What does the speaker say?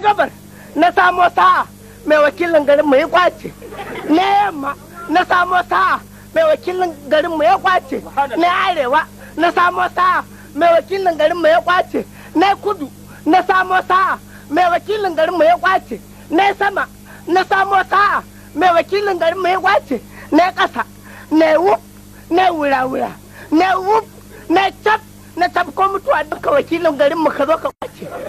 gabar na samo sa'a mai wakilin garin mu ya kwace na yamma na samo sa'a mai wakilin garin mu ya kwace na arewa na samo sa'a mai wakilin garin mu ya kwace na kudu na samo sa'a mai wakilin garin mu ya kwace na sama na samo sa'a mai wakilin garin mu ya kwace na ƙasa na wuf na wura-wura na wuf na cap na cap ko mutuwa duka wakilin garin mu ka zo ka kwace